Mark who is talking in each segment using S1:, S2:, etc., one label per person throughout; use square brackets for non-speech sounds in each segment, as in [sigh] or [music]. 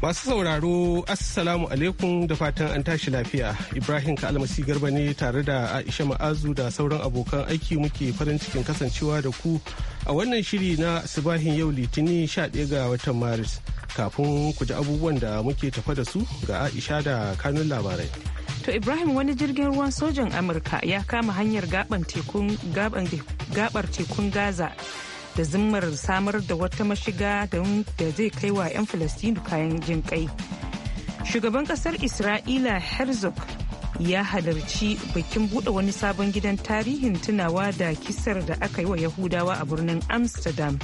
S1: Masu sauraro, Assalamu alaikum da fatan an tashi lafiya. Ibrahim Kalmasi Garba ne tare da Aisha Ma'azu da sauran abokan aiki muke farin cikin kasancewa da ku a wannan shiri na subahin yau litini 11 ga watan Maris. Kafin ku ji abubuwan da muke tafa da su ga Aisha da kanun labarai.
S2: To Ibrahim wani jirgin ruwan sojan Amurka ya kama hanyar gabar tekun Gaza da zimmar samar da wata mashiga da zai kai wa 'yan falastinu kayan jin kai shugaban kasar isra'ila herzog ya halarci bikin buɗe wani sabon gidan tarihin tunawa da kisar da aka yi wa yahudawa a birnin amsterdam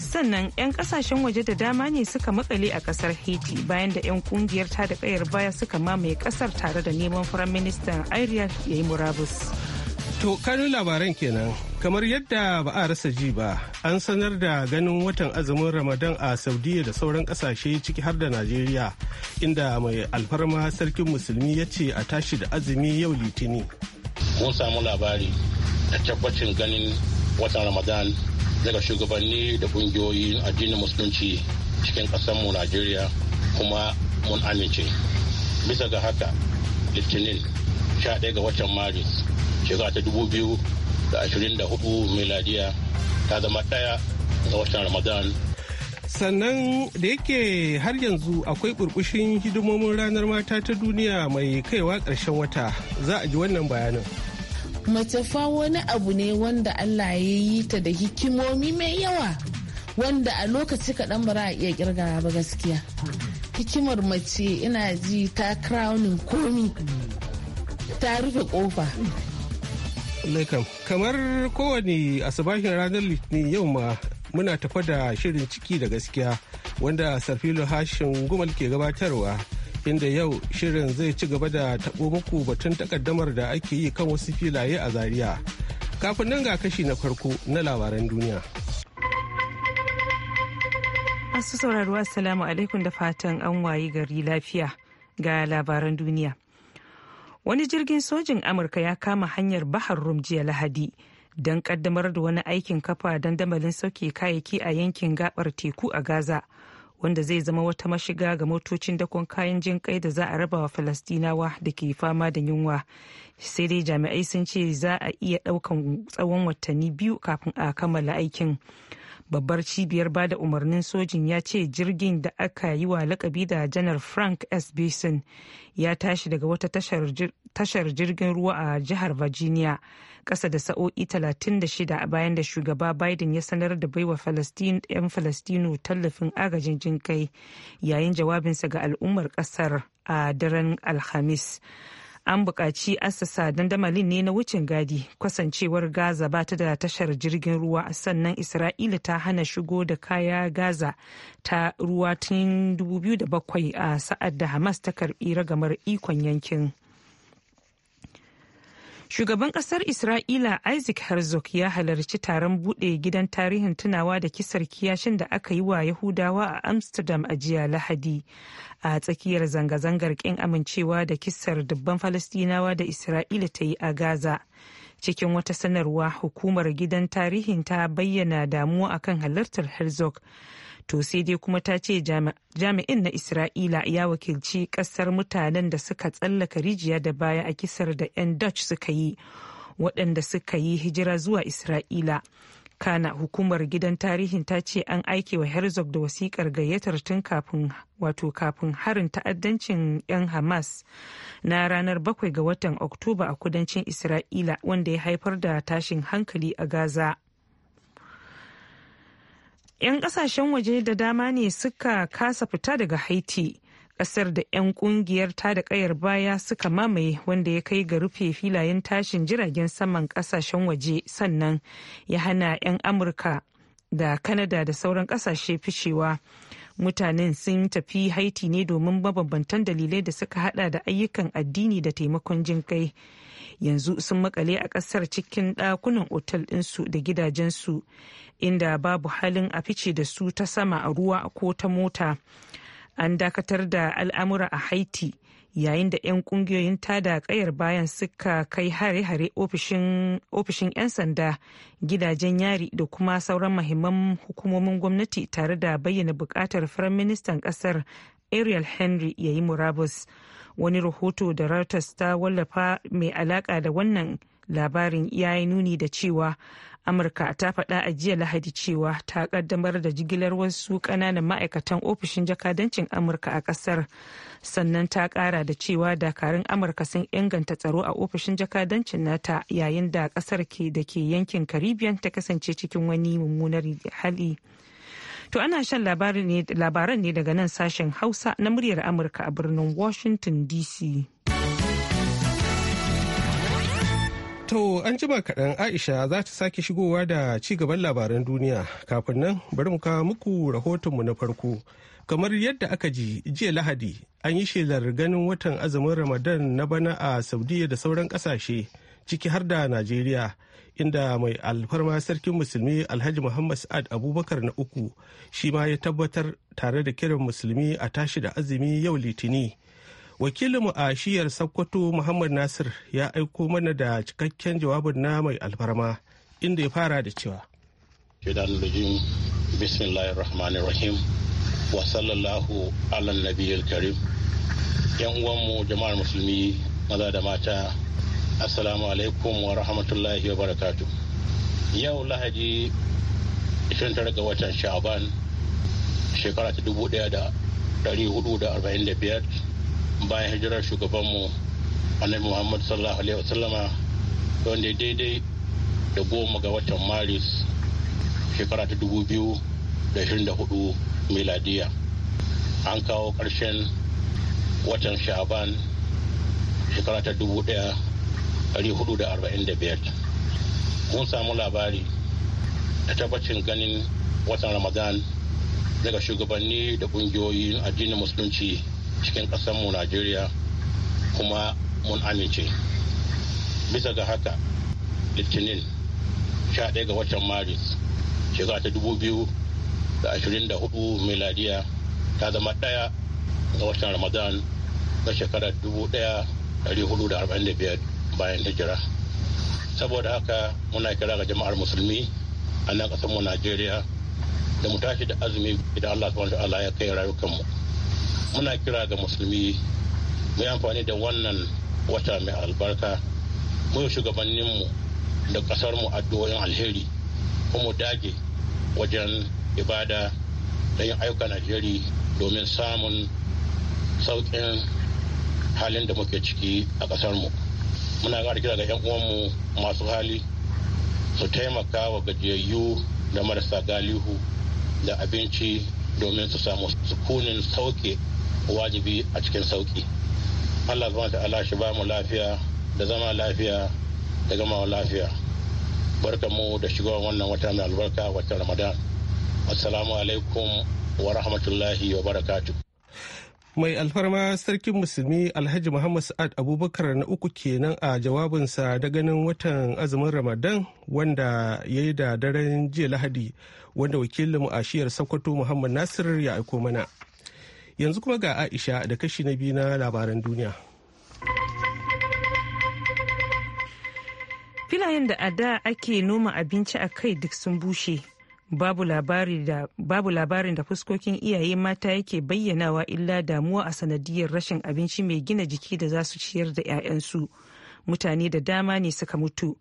S2: sannan 'yan kasashen waje da dama ne suka makale a kasar haiti bayan da 'yan kungiyar ta da kayar baya suka mamaye kasar tare da neman firaministan ariel ya yi murabus
S1: to labaran kenan kamar yadda ba a rasa ji ba an sanar da ganin watan azumin ramadan a saudiya da sauran kasashe ciki har da najeriya inda mai alfarma sarkin musulmi ya ce a tashi da azumi yau litini
S3: mun samu labari da tabbacin ganin watan ramadan daga shugabanni da kungiyoyin addinin musulunci cikin mu najeriya kuma mun amince bisa ga haka litinin 11 ga watan maris shekara ta dubu biyu da ashirin da hudu miladiya ta zama ɗaya ga watan ramadan
S1: sannan da yake har yanzu akwai burbushin hidimomin ranar mata ta duniya mai kaiwa ƙarshen wata za a ji wannan bayanin
S4: mace wani abu ne wanda allah ya yi ta da hikimomi mai yawa wanda a lokaci kaɗan ba a iya kirga ba gaskiya hikimar mace ina ji ta crowning komi ta rufe kofa
S1: Laikam, kamar kowane asabahin ranar litinin yau ma muna tafa da shirin ciki da gaskiya wanda sarfilo hashin gumal ke gabatarwa inda yau shirin zai ci gaba da tabo muku batun takaddamar da ake yi kan wasu filaye a zaria kafin nan ga kashi na farko na labaran duniya
S2: masu sauraro assalamu alaikum da fatan an wayi gari lafiya ga labaran duniya wani jirgin sojin amurka ya kama hanyar bahar rum jiya lahadi don kaddamar da wani aikin kafa dandamalin sauke kayayyaki a yankin gabar teku a gaza wanda zai zama wata mashiga ga motocin dakon kayan jin kai da za a raba wa falastinawa da ke fama da yunwa sai dai jami'ai sun ce za a iya daukan tsawon watanni biyu kafin a kammala aikin babbar cibiyar bada umarnin sojin ya ce jirgin da aka yi wa lakabi da janar frank s bison ya tashi daga wata tashar jirgin ruwa a jihar virginia kasa da sa'o'i 36 bayan da shugaba biden ya sanar da baiwa 'yan falastino tallafin agajin jinkai yayin jawabinsa ga al'ummar kasar a daren alhamis an buƙaci assasa dandamalin ne na wucin gadi kwasancewar gaza ba ta da tashar jirgin ruwa sannan isra'ila ta hana shigo da kaya gaza ta ruwa tun 2007 a sa'ad da hamas ta karbi ragamar ikon yankin Shugaban kasar Isra'ila Isaac Herzog ya halarci taron buɗe gidan tarihin tunawa da kisar kiyashin da aka yi wa Yahudawa a Amsterdam a jiya Lahadi a tsakiyar zanga-zangar ƙin amincewa da kisar dubban Falastinawa da Isra'ila ta yi a Gaza. cikin wata sanarwa hukumar gidan tarihin ta bayyana damuwa akan halartar herzog to sai dai kuma ta ce jami'in na isra'ila ya wakilci kasar mutanen da suka tsallaka rijiya da baya a kisar da 'yan dutch suka yi waɗanda suka yi hijira zuwa isra'ila kana hukumar gidan tarihin ta ce an aike wa herzog da wasikar gayyatar tun kafin wato kafin harin ta'addancin 'yan hamas na ranar 7 ga watan oktoba a kudancin isra'ila wanda ya haifar da tashin hankali a gaza 'yan kasashen waje da dama ne suka kasa fita daga haiti kasar da 'yan kungiyar ta da kayar baya suka mamaye wanda ya kai ga rufe filayen tashin jiragen saman kasashen waje sannan ya hana 'yan amurka da kanada da sauran kasashe ficewa mutanen sun tafi haiti ne domin mabambantan dalilai da suka hada da ayyukan addini da taimakon jin kai, yanzu sun makale a kasar cikin dakunan otal ɗinsu da gidajensu inda babu halin a fice da su ta sama a ruwa ko ta mota an dakatar da al'amura a haiti yayin da 'yan kungiyoyin tada kayar bayan suka kai hare-hare ofishin 'yan sanda gidajen yari da kuma sauran mahimman hukumomin gwamnati tare da bayyana bukatar ministan ƙasar ariel henry ya yi murabus wani rahoto da reuters ta wallafa mai alaka da wannan labarin ya nuni da cewa amurka ta faɗa a jiya lahadi cewa ta kaddamar da jigilar wasu ƙananan ma'aikatan ofishin jakadancin amurka a ƙasar sannan ta ƙara da cewa dakarun amurka sun inganta tsaro a ofishin jakadancin nata yayin da ƙasar ke da ke yankin caribbean ta kasance cikin wani mummunar hali to ana shan labaran ne daga nan sashen hausa na muryar amurka a birnin washington dc
S1: To an jima kaɗan Aisha za ta sake shigowa da ci gaban labaran duniya kafin nan bari mu kawo muku rahotonmu na farko. Kamar yadda aka ji jiya Lahadi an yi shelar ganin watan azumin Ramadan na bana a Saudiya da sauran ƙasashe ciki har da Najeriya inda mai alfarma sarkin musulmi Alhaji Muhammad Sa'ad Abubakar na uku shi ma ya tabbatar tare da kiran musulmi a tashi da azumi yau Litini wakilinmu a shiyar sakkwato muhammad nasir ya aiko mana da cikakken jawabin na mai alfarma inda ya fara da cewa
S3: bismillahirrahmanirrahim wa sallallahu karim yan uwanmu jama'ar musulmi maza da mata assalamu alaikum wa rahmatullahi wa barakatu yau lahadi 29 ga watan sha'aban shekara ta bayan hijirar shugabanmu annabi Muhammadu sallallahu alaihi wasallama wanda ya daidai da goma ga watan maris shekara ta dubu biyu da shirin da hudu miladiya an kawo ƙarshen watan sha'aban shekara ta dubu daya dari hudu da arba'in da biyar mun samu labari da tabbacin ganin watan ramadan daga shugabanni da ƙungiyoyin addinin musulunci cikin mu najeriya kuma mun amince bisa ga haka litinin 11 ga watan maris shekara ta 2024 miladiya ta zama ɗaya ga watan ramadan na shekarar 1445 bayan hijira saboda haka muna kira ga jama'ar musulmi a nan mu najeriya da mu tashi da azumi idan allah subhanahu wa ta'ala ya kai rayukanmu muna kira ga musulmi mu amfani da wannan wata mai albarka mu yi shugabanninmu da ƙasarmu addu'o'in alheri kuma dage wajen ibada da yin ayyukan alheri domin samun sauƙin halin da muke ciki a ƙasarmu muna ƙara kira ga 'yan uwanmu masu hali su taimaka wa gajiyayyu da marasa galihu da abinci domin su samu sukunin sauke wajibi a cikin sauki allah zuwa ta ala shi ba mu lafiya da zama lafiya da gama lafiya barka mu da shigowa wannan wata mai albarka wata ramadan assalamu alaikum wa rahmatullahi wa barakatu
S1: mai alfarma sarkin musulmi alhaji muhammad sa'ad abubakar na uku kenan a jawabinsa da ganin watan azumin ramadan wanda ya yi da daren jiya lahadi wanda wakilinmu a shiyar sokoto muhammad nasir ya aiko mana Yanzu kuma ga Aisha da kashi na biyu na labaran duniya.
S2: Filayen da a da ake noma abinci a kai duk sun bushe. Babu labarin da fuskokin iyaye mata yake bayyanawa illa damuwa a sanadiyar rashin abinci mai gina jiki da za su ciyar da 'ya'yansu. su. mutane da dama ne suka mutu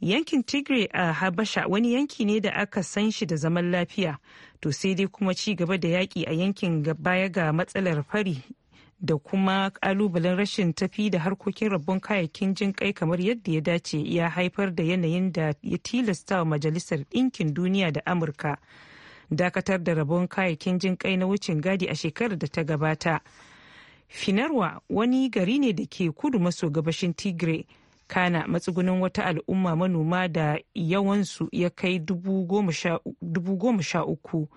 S2: yankin tigray a habasha wani yanki ne da aka san shi da zaman lafiya to sai dai kuma ci gaba da yaƙi a yankin baya ga matsalar fari da kuma kalubalen rashin tafi da harkokin rabon kayayyakin jin kai kamar yadda ya dace ya haifar da yanayin da ya tilasta wa majalisar ɗinkin duniya da amurka dakatar da rabon kayayyakin jin kai na wucin gadi a shekarar da ta gabata Finarwa wani gari ne da ke kudu maso gabashin Tigray. Kana matsugunin wata al'umma manoma da yawansu ya kai dubu goma sha uku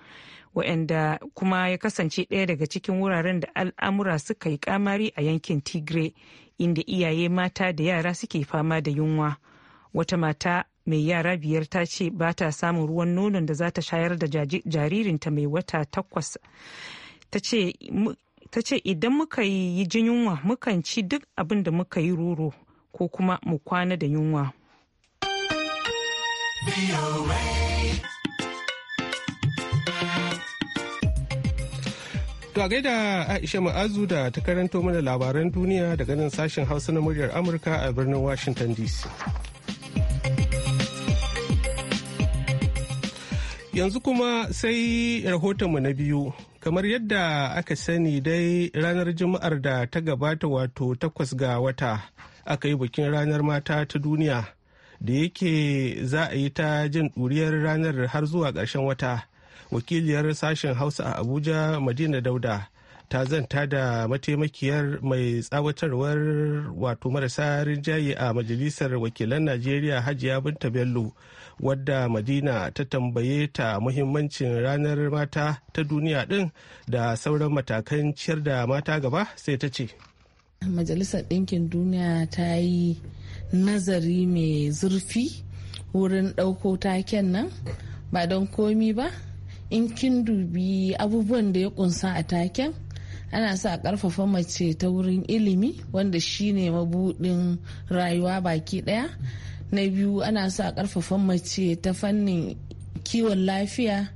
S2: waɗanda kuma ya kasance ɗaya daga cikin wuraren da al'amura suka yi kamari a yankin Tigray inda iyaye mata da yara suke fama da yunwa. Wata mata mai yara biyar ta ce ba ta samun ruwan nonon da za ta shayar da jaririnta mai wata takwas. ta ce ta ce idan muka yi jin yunwa mukan ci duk abin da muka yi roro ko kuma mu kwana da yunwa
S1: To a gaida Aisha Ma'azu da ta karanto mana labaran duniya daga nan sashen Hausa na muryar Amurka a birnin Washington DC. Yanzu kuma sai rahotonmu na biyu kamar yadda aka sani dai ranar juma'ar da ta gabata wato takwas ga wata aka yi bikin ranar mata ta duniya da yake za a yi ta jin ɗuriyar ranar har zuwa ƙarshen wata wakiliyar sashen hausa a abuja madina dauda ta zanta da mataimakiyar mai tsawatarwar wato marasa rinjaye a majalisar wakilan najeriya hajiya binta bello wadda madina ta tambaye ta muhimmancin ranar mata ta duniya din da sauran matakan ciyar da mata gaba sai ta ce
S4: majalisar ɗinkin duniya ta yi nazari mai zurfi wurin ɗauko taken nan ba don komi ba in kin dubi abubuwan da ya kunsa a taken ana sa karfafa mace ta wurin ilimi wanda shine mabudin rayuwa baki daya na biyu ana so a karfafa mace ta fannin kiwon lafiya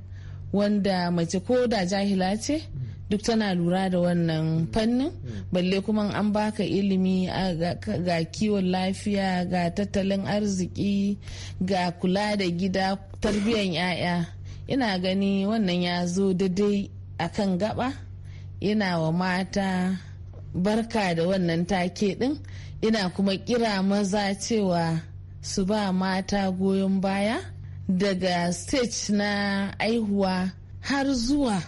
S4: wanda mace ko da jahila ce duk tana lura da wannan fannin balle kuma an baka ilimi ga kiwon lafiya ga tattalin arziki ga kula da gida tarbiyyar 'ya'ya ina gani wannan ya zo daidai a kan gaba ina wa mata barka da wannan take din ina kuma kira maza cewa su ba mata goyon baya daga stage na aihuwa har zuwa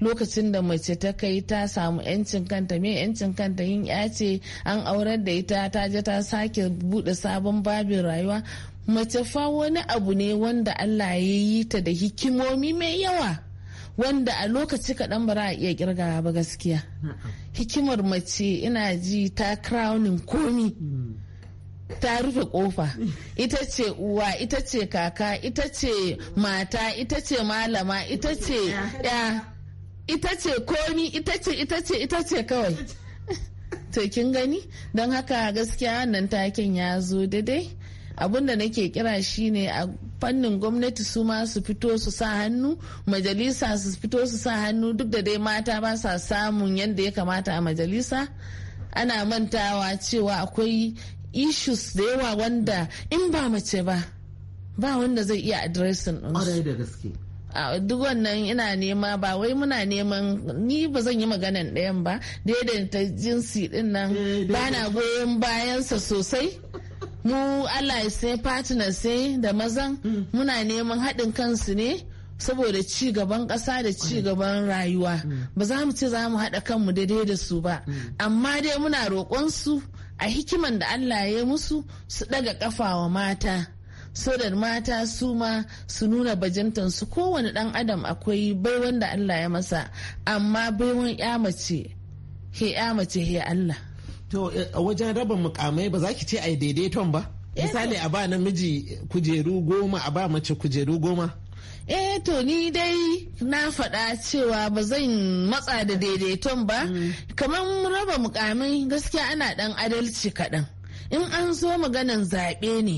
S4: lokacin da mace ta kai ta samu yancin kanta me yancin kanta yin ya ce an aurar da ita ta je ta sake bude sabon babin rayuwa mace fa wani abu ne wanda Allah ya yi ta da hikimomi mai yawa wanda a lokaci kaɗan ba a iya kirga ba gaskiya hikimar mace ina ji ta crowning komi mm. ta rufe kofa ita ce uwa ita ce kaka ita ce mata ita ce malama ita ce ya ita ce komi ita ce ita ce ita ce kawai to kin gani don haka gaskiya nan taken ya zo daidai abinda nake kira shine a fannin gwamnati su ma su fito su sa hannu majalisa su fito su sa hannu duk da dai mata ba sa samun yadda ya kamata a majalisa ana mantawa cewa akwai issues da yawa wanda in ba mace ba ba wanda zai iya addressing ɗinsu. da gaske. duk wannan ina nema ba wai muna neman ni ba zan yi maganan ɗayan ba daidaita jinsi din nan ba na goyon bayansa sosai mu allah sai partners sai da mazan mm. muna neman haɗin kansu ne saboda ci gaban ƙasa da ci gaban rayuwa mm. ba za mu ce za mu haɗa kanmu daidai da su ba mm. amma dai muna roƙon su a hikiman da Allah ya musu su daga kafa wa mata so mata su ma su nuna bajintan su kowane dan adam akwai bai wanda Allah ya masa amma baiwan ya mace he ya mace he Allah to a
S5: eh,
S1: wajen raba mukamai ba za ki ce ai daidaiton ba eh, misali a ba namiji kujeru goma a ba mace kujeru goma
S4: eh to ni dai na faɗa cewa ba zan matsa da daidaiton ba mm. kamar raba mukamin gaskiya ana ɗan adalci kaɗan in an zo maganan zaɓe ne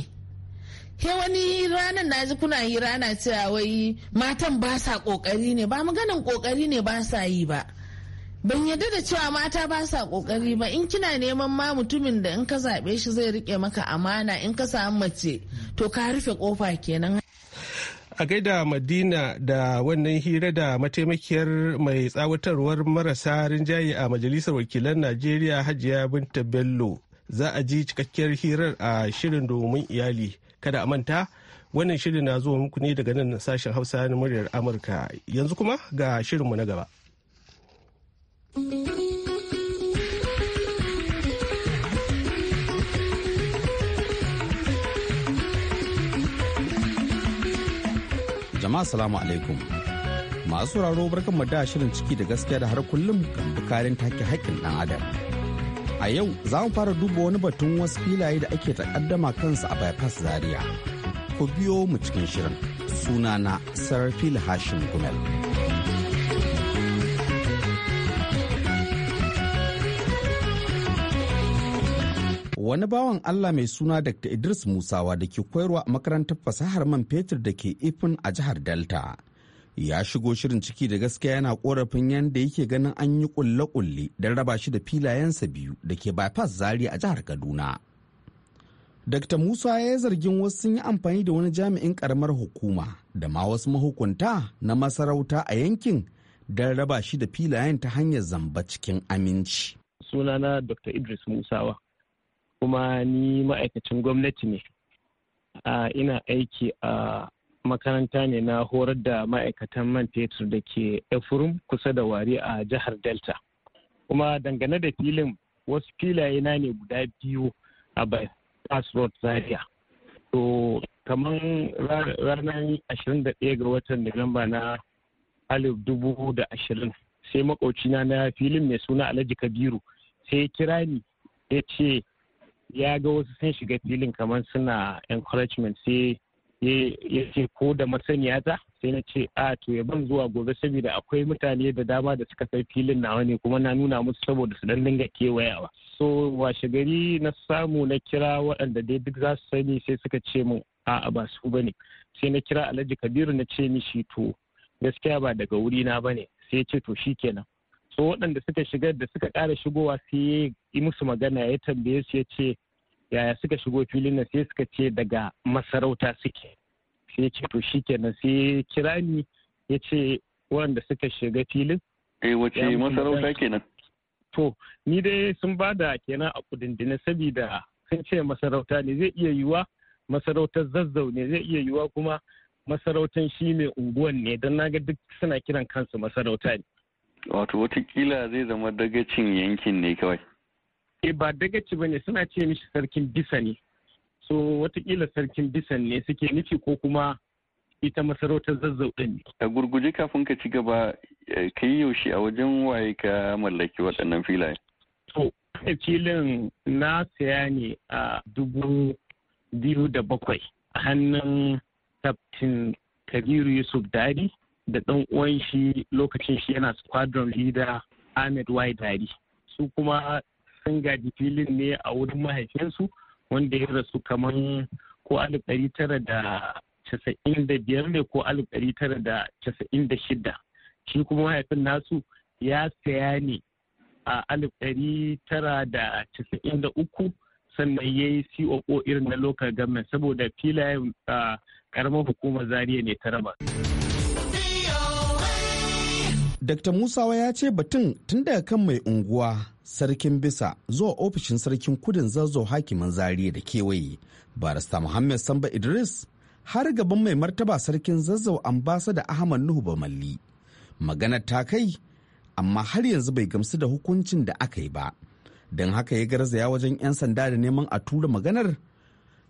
S4: ke wani ranar na ji kuna yi rana cewa wai matan ba sa ƙoƙari ne ba maganan ƙoƙari ne ba sa yi ba ban yadda da cewa mata ba sa kokari ba in kina neman ma mutumin da in ka zaɓe shi zai rike maka amana in ka samu mace to ka rufe kofa kenan
S1: a gaida madina da wannan hira da mataimakiyar mai tsawatarwar marasa rinjaye a majalisar wakilan najeriya hajiya binta bello za a ji cikakkiyar hirar a shirin domin iyali kada a manta wannan shirin na zuwa muku ne daga nan sashen hausa na muryar amurka yanzu kuma ga shirinmu na gaba.
S5: jama'a salamu alaikum masu sauraro barkan mu da shirin ciki da gaskiya da har kullum kan bukarin take haƙƙin dan adam a yau za mu fara duba wani batun wasu filaye da ake takaddama kansa a bypass zaria ku biyo mu cikin shirin sunana sarar fili hashim gumel wani bawan Allah mai suna Dr. Idris Musawa da ke koyarwa a makarantar fasahar man fetur da ke Ifin a jihar Delta. Ya shigo shirin ciki da gaskiya yana korafin yadda yake ganin an yi kulle-kulle don raba shi da filayensa biyu da ke bypass zari a jihar Kaduna. Dr. Musa ya yi zargin wasu sun yi amfani da wani jami'in karamar hukuma da ma wasu mahukunta na masarauta a yankin don raba shi da filayen ta hanyar zamba cikin aminci.
S6: Sunana Dr. Idris Musawa. kuma ni ma'aikacin gwamnati ne ina aiki a makaranta ne na horar da ma'aikatan man fetur da ke efurum kusa da wari a jihar delta kuma dangane da filin wasu filaye na ne guda biyu a bypass road zaria to kamar ranar 21 ga watan nuwamba na alif dubu da ashirin sai makocina na filin mai suna alhaji kabiru sai ya kira ni ya ce ya ga wasu sun shiga filin kamar suna encouragement sai ya ce ko da masaniya ta sai na ce a to ya ban zuwa gobe saboda akwai mutane da dama da suka sai filin nawa ne kuma na nuna musu saboda su dan dinga kewayawa so washe gari na samu na kira waɗanda dai duk za su sani sai suka ce mu a'a ba su bane sai na kira alhaji kabiru na ce mishi to gaskiya ba daga wuri na bane sai ya ce to shikenan so waɗanda suka shiga da suka ƙara shigowa sai yi musu magana ya tambaye su ya ce yaya suka shigo filin nan sai suka ce daga masarauta suke sai ya ce to shi kenan sai kira ni ya ce waɗanda suka shiga filin eh wace masarauta kenan to ni dai sun ba da kenan a kudindina saboda sun ce masarauta ne zai iya yiwuwa masarautar zazzau ne zai iya yiwuwa kuma masarautan shi mai unguwan ne don naga duk suna kiran kansu masarauta ne Wato watakila zai zama dagacin yankin ne kawai. E ba dagaci ba ne suna ce mishi sarkin bisa ne. So watakila sarkin bisa ne suke nufi ko kuma ita masarautar zazzau ɗin ne. A gurguje kafin ka ci gaba eh, ka yi yaushe a wajen waye ka mallaki waɗannan filaye. To filin na saya ne a dubu biyu da bakwai a hannun Captain Kabiru Yusuf Dadi da ɗan uwan shi lokacin shi yana squadron leader ahmed waidari su kuma sun gaji filin ne a wurin mahaifinsu wanda ya rasu kamar ko alif ɗari tara da casa'in da biyar ne ko alif ɗari tara da casa'in da shida shi kuma mahaifin nasu ya saya ne a alif ɗari tara da casa'in da uku sannan ya yi coo irin na local government saboda filayen karamar hukumar zariya ne ta raba.
S5: Dr. Musawa ya ce batun tun daga kan mai unguwa sarkin bisa zuwa ofishin sarkin kudin zazzau hakimin zariya da kewaye barista Muhammad Samba Idris har gaban mai martaba sarkin zazzau da Ahmad Nuhu Bamalli. Maganar ta kai amma har yanzu bai gamsu da hukuncin da aka yi ba. Don haka ya garzaya wajen 'yan sanda da neman a tura maganar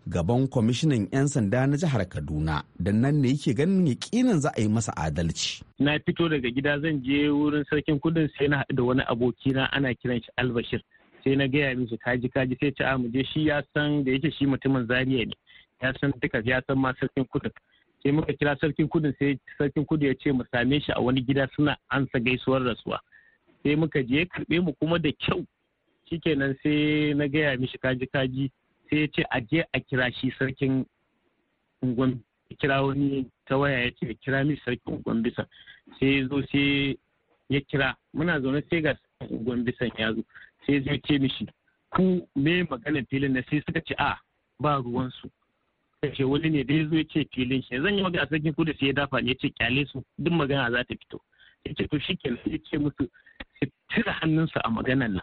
S5: gaban kwamishinan 'yan sanda na jihar kaduna don nan ne yake ganin yakinin za a yi masa adalci
S6: na fito daga gida zan je wurin sarkin kudin sai na haɗu da wani abokina ana kiran shi albashir sai na gaya mishi kaji kaji sai ta amuje shi ya san da yake shi mutumin zaria ne ya san duka ya san ma sarkin kudin sai muka kira sarkin kudin sai sarkin kudin ya ce mu same shi a wani gida suna ansa gaisuwar rasuwa sai muka je karɓe mu kuma da kyau shikenan sai na gaya mishi kaji kaji sai ya ce a je a kira shi sarkin ungon kira wani ta waya ya ce kira mi sarkin ungon bisa sai ya zo sai ya kira muna zaune sai ga sarkin ungon bisa ya zo sai zai ce mishi ku me magana filin na sai suka ce a ba ruwansu ce wani ne da ya zo ya ce filin shi zan yi magana sarkin kudu sai ya dafa ne ya ce kyale su duk magana za ta fito ya ce to shi kenan ya ce musu su cire hannunsu a maganan nan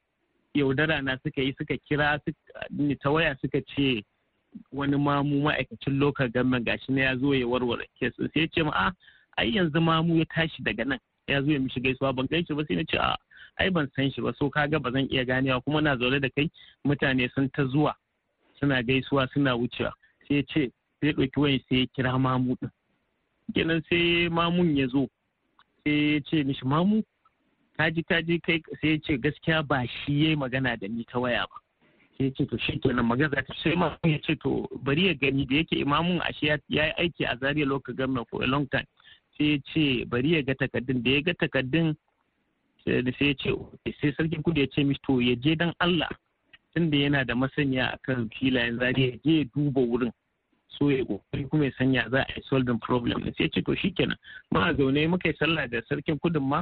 S6: yaudara na suka yi suka kira ni ta waya suka ce wani mamu ma'aikacin local government gashi na ya zo ya warware kesin sai ya ce ma a ah, ai yanzu mamu ya tashi daga nan ya zo ya mishi gaisuwa ban gan shi ba sai na ce a ah, ai ban san shi ba so ga ba zan iya ganewa kuma na zaune da kai mutane sun ta zuwa suna gaisuwa suna wucewa sai ya ce sai ya ɗauki wayan sai ya kira mamu din kenan sai mamun ya zo sai ya ce mishi mamu ji ka ji kai sai ce gaskiya ba shi yayi magana da ni ta waya ba sai ce to shi kenan magana ta sai ma ya ce to bari ya gani da yake imamun ashe ya yi aiki a Zariya Lokacin government ko long time sai ya ce bari ya ga takaddun da ya ga takaddun sai ya ce sai sarkin kudu ya ce mishi to ya je dan Allah tunda yana da masaniya akan filayen zariya ya je ya duba wurin so ya kokari kuma ya sanya za a yi solving problem sai ya ce to shi kenan ma zaune muka yi sallah da sarkin kudin ma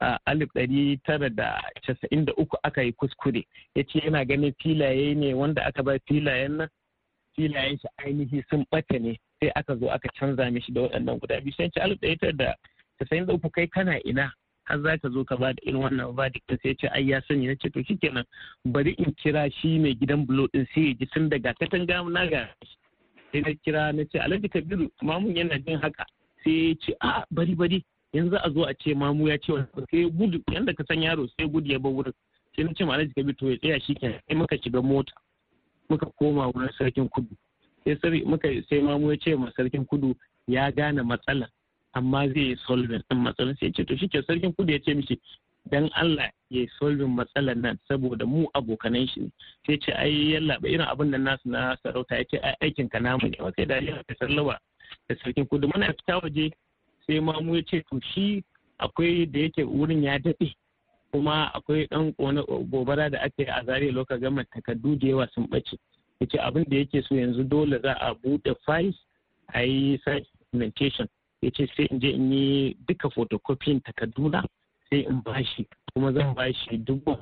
S6: alif ɗari da uku aka yi kuskure ya ce yana ganin filaye ne wanda aka ba filayen nan filayen shi ainihi sun bata ne sai aka zo aka canza mishi da waɗannan guda biyu sai ce alif ɗari tara kai kana ina har za ka zo ka ba da irin wannan verdict sai ce ai ya sani na ce to shikenan bari in kira shi mai gidan bulo din sai ya ji tun daga katanga na ga sai na kira na ce alhaji kabiru mamun yana jin haka sai ya ce a bari bari yanzu a zo a ce mamu ya ce wani sai gudu yanda ka san yaro sai gudu ya bar wurin sai na ce malaji ka bi to ya tsaya shi ke sai muka shiga mota muka koma wurin sarkin kudu sai sai muka sai mamu ya ce ma sarkin kudu ya gane matsala amma zai yi solvin din matsalar sai ya ce to shi ke sarkin kudu ya ce mishi dan Allah ya yi solvin matsalar nan saboda mu abokanan shi sai ce ai yalla ba irin abin da nasu na sarauta ya ce aikin ka namu ne sai da ya sallawa da sarkin kudu muna fita waje sai mamu ya ce to shi akwai da yake wurin ya daɗe kuma akwai ɗan gobara da ake a zare lokacin gama takardu da yawa sun ɓace ya ce abin da yake so yanzu dole za a buɗe files a yi documentation ya ce sai in je in yi duka photocopying takarduna sai in bashi kuma zan bashi dubu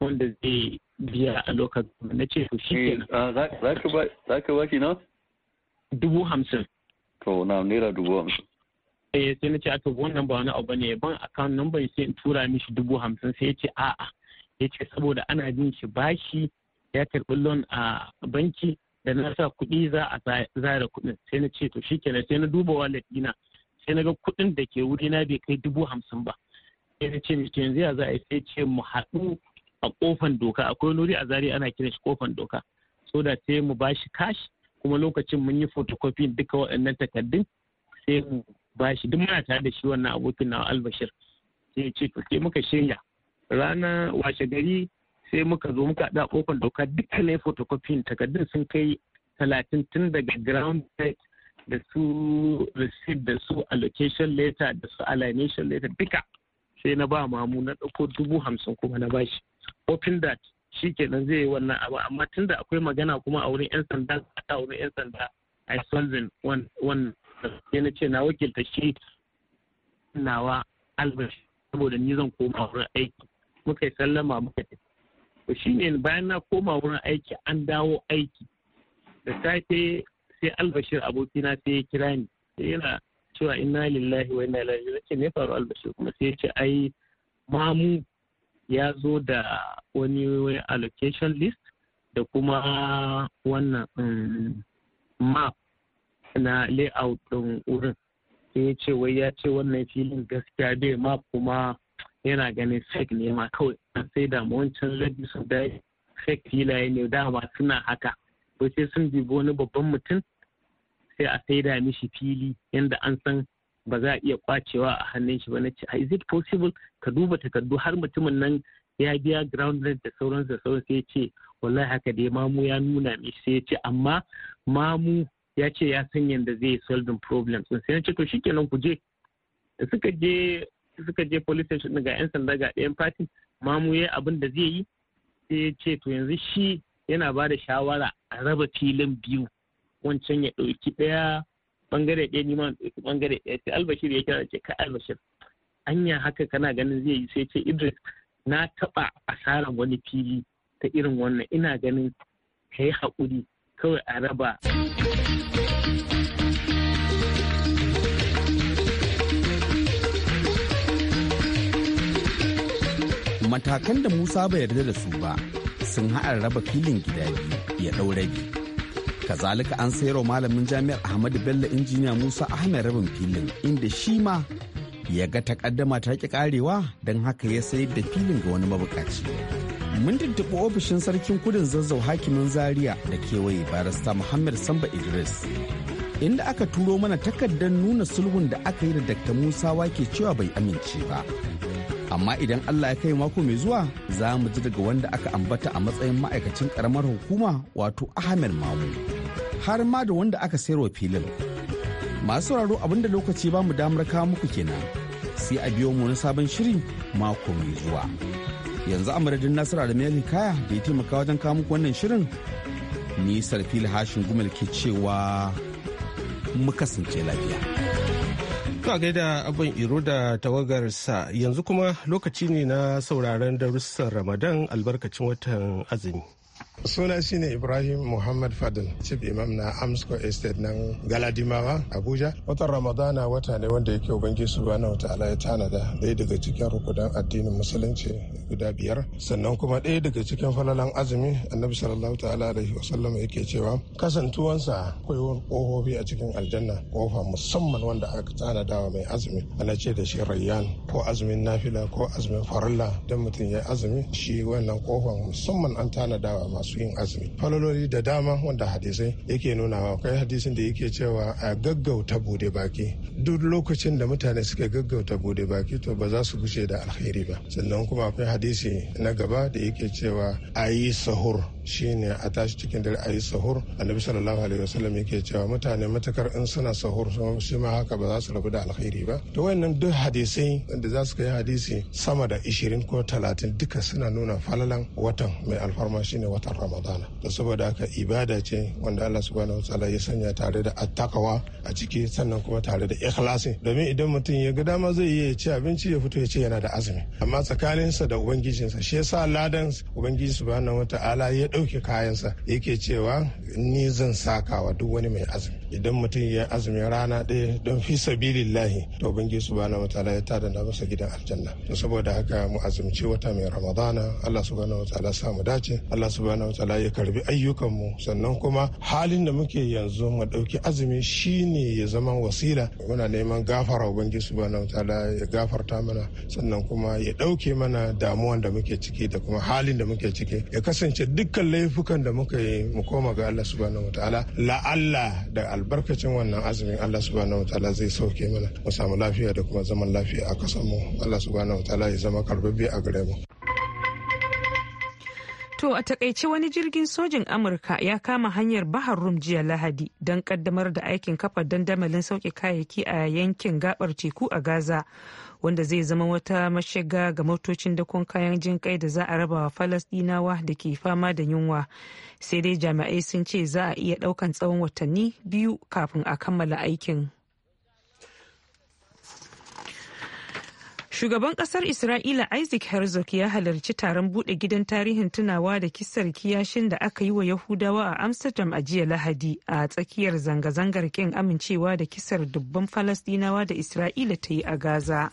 S6: wanda zai biya a lokacin na ce to shi eh, za ka bashi na dubu hamsin to na naira dubu hamsin ya eh, sai na ce aka wannan ba wani abu ne ban account number sai in tura mishi dubu hamsin sai ya ce a'a ya ce saboda ana bin shi bashi ya karɓi loan a banki da na sa kuɗi za a zara kuɗin sai na ce to shi na sai na duba wallet ɗina sai na ga kuɗin da ke wuri na bai kai dubu hamsin ba sai na ce mishi yanzu ya za a yi sai ce mu haɗu a kofan doka akwai nuri a zari ana kiran shi kofan doka so da sai mu bashi kashi kuma lokacin mun yi photocopy duka waɗannan takardun sai mu bashi duk muna tare da shi wannan abokin na albashir sai ce to sai muka shirya rana washe gari sai muka zo muka da kofar doka dukkanin photocopying takardun sun kai talatin tun daga ground set da su receipt da su allocation letter da su alienation letter duka sai na ba mamu na ɗauko dubu hamsin kuma na bashi open that shi kenan zai yi wannan abu amma tunda akwai magana kuma a wurin 'yan sanda a wurin 'yan sanda a solving wannan sai na ce na wakilta shi nawa albert saboda ni zan koma wurin aiki muka yi sallama muka tafi to ne bayan na koma wurin aiki an dawo aiki da safe sai albashir abokina sai ya kira ni sai yana cewa inna lillahi wa inna ilaihi ce ne faru albashir kuma sai ya ce ai mamu ya zo da wani allocation list da kuma wannan mm, map na layout ɗin wurin sai ya ce wai ya ce wannan filin gaskiya bai ma kuma yana ganin fake ne ma kawai sai da wancan su da fake filaye ne dama suna haka ko sai sun bi wani babban mutum sai a saida mishi fili yanda an san ba za a iya kwacewa a hannun shi ba na ce is it possible ka duba takardu har mutumin nan ya biya ground rent da sauran da sauran sai ce wallahi haka dai mamu ya nuna mishi sai ya ce amma mamu ya ce ya san yadda zai yi solving problems sai na ce to kenan ku je da suka je suka je police station ga yan sanda ga ɗayan party mamu ya abin da zai yi sai ya ce to yanzu shi yana ba da shawara a raba filin biyu wancan ya ɗauki ɗaya bangare ɗaya ni ma ɗauki bangare ɗaya sai albashir ya kira ce ka albashir anya haka kana ganin zai yi sai ce idris na taɓa asarar wani fili ta irin wannan ina ganin ka yi haƙuri kawai a raba.
S5: matakan da musa bai yarda da su ba sun haɗa raba filin gida biyu ya ɗau rabi kazalika an sayarwa malamin jami'ar ahmadu bello injiniya musa ahmed rabin filin inda shi ma ya ga takaddama ta ki karewa don haka ya sayar da filin ga wani mabukaci mun tuntuɓi ofishin sarkin kudin zazzau hakimin zaria da kewaye barista muhammad samba idris inda aka turo mana takardar nuna sulhun da aka yi da dr musa wake cewa bai amince ba amma idan Allah ya kai mako mai zuwa za mu ji daga wanda aka ambata a matsayin ma'aikacin karamar hukuma wato Ahmed Mamu har ma da wanda aka sayar wa filin. Masu sauraro abinda lokaci ba mu damar kawo muku kenan sai a biyo mu na sabon shiri mako mai zuwa. Yanzu a madadin Nasiru Adamu Kaya da ya taimaka wajen kawo muku wannan shirin ni Sarfil Hashin Gumel ke cewa
S1: mu kasance lafiya. Ka a gaida abin iro da tawagarsa yanzu kuma lokaci ne na sauraron darussan Ramadan albarkacin watan azumi. suna Sine ibrahim muhammad fadil chief imam na amsco estate
S7: nan galadimawa abuja watan ramadana wata ne wanda yake ubangiji subhanahu wa ta'ala ya tanada ɗaya daga cikin rukudan addinin musulunci guda biyar sannan kuma ɗaya daga cikin falalan azumi annabi sallallahu ta'ala alaihi wasallam yake cewa kasantuwansa wani kofofi a cikin aljanna kofa musamman wanda aka tanadawa mai azumi ana ce da shi rayyan ko azumin nafila ko azumin farilla don mutum ya azumi shi wannan kofa musamman an tanadawa masu masu yin azumi falololi da dama wanda hadisai yake nunawa kai hadisin da yake cewa a gaggauta bude baki duk lokacin da mutane suka gaggauta bude baki to ba za su gushe da alheri ba sannan kuma akwai hadisi na gaba da yake cewa a yi sahur shine a tashi cikin dare a yi sahur annabi sallallahu alaihi wasallam yake cewa mutane matakar in suna sahur shi ma haka ba za su rabu da alheri ba to wayannan duk hadisai da za su kai hadisi sama da 20 ko talatin duka suna nuna falalan watan mai alfarma shine watan ramadana da saboda haka ibada ce wanda allah subhanahu wataala ya sanya tare da attakawa a ciki sannan kuma tare da ikhlasi domin idan mutum ya ga dama zai iya ci abinci ya fito ya ce yana da azumi amma tsakaninsa da ubangijinsa shi yasa ladan ubangiji subhanahu wataala ya dauke kayansa yake cewa ni zan sakawa duk wani mai azumi idan mutum ya azumin rana ɗaya don fi sabilillahi to ubangi subhanahu wataala ya tada na masa gidan aljanna to saboda haka mu azumci wata mai ramadana Allah subhanahu wataala sa mu dace Allah subhanahu wataala ya karbi ayyukan mu sannan kuma halin da muke yanzu mu ɗauki azumi shine ya zama wasila muna neman gafara ubangi subhanahu wataala ya gafarta mana sannan kuma ya ɗauke mana damuwan da muke ciki da kuma halin da muke ciki ya kasance dukkan laifukan da muka yi mu koma ga Allah subhanahu wataala la'alla da al albarkacin wannan azumin Allah subhanahu wataala zai sauke mana mu samu lafiya da kuma zaman lafiya a kasar mu Allah subhanahu wataala ya zama karbabbe a gare mu
S2: To a takaice wani jirgin sojin Amurka ya kama hanyar Bahar Rum jiya Lahadi don kaddamar da aikin kafa dandamalin sauke kayayyaki a yankin gabar teku a Gaza wanda zai zama wata mashiga ga motocin dakon kayan jin kai da za a raba wa falasdinawa da ke fama da yunwa sai dai jami'ai sun ce za a iya daukan tsawon watanni biyu kafin a kammala aikin Shugaban kasar Isra'ila Isaac Herzog ya halarci taron bude gidan tarihin tunawa da kisar kiyashin da aka yi wa Yahudawa a Amsterdam a jiya Lahadi a tsakiyar zanga-zangar kin amincewa da kisar dubban Falasdinawa da Isra'ila ta yi a Gaza.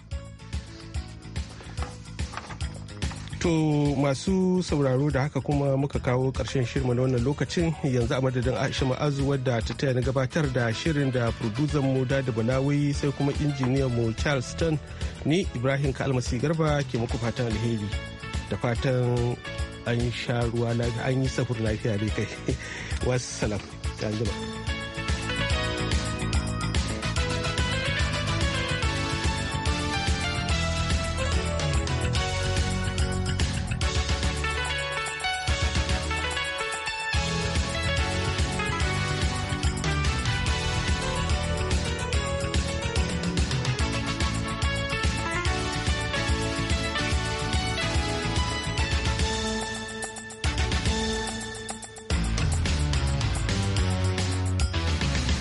S1: To masu sauraro da haka kuma muka kawo ƙarshen shirin na wannan lokacin yanzu a madadin Aisha Ma'azu wadda ta taya na gabatar da shirin da producer mu da Banawi sai kuma injiniyan mu charles Charleston ni Ibrahim Kalmasi Garba ke muku fatan alheri da fatan an sha ruwa an yi safur lafiya ne kai. [laughs] Wassalam.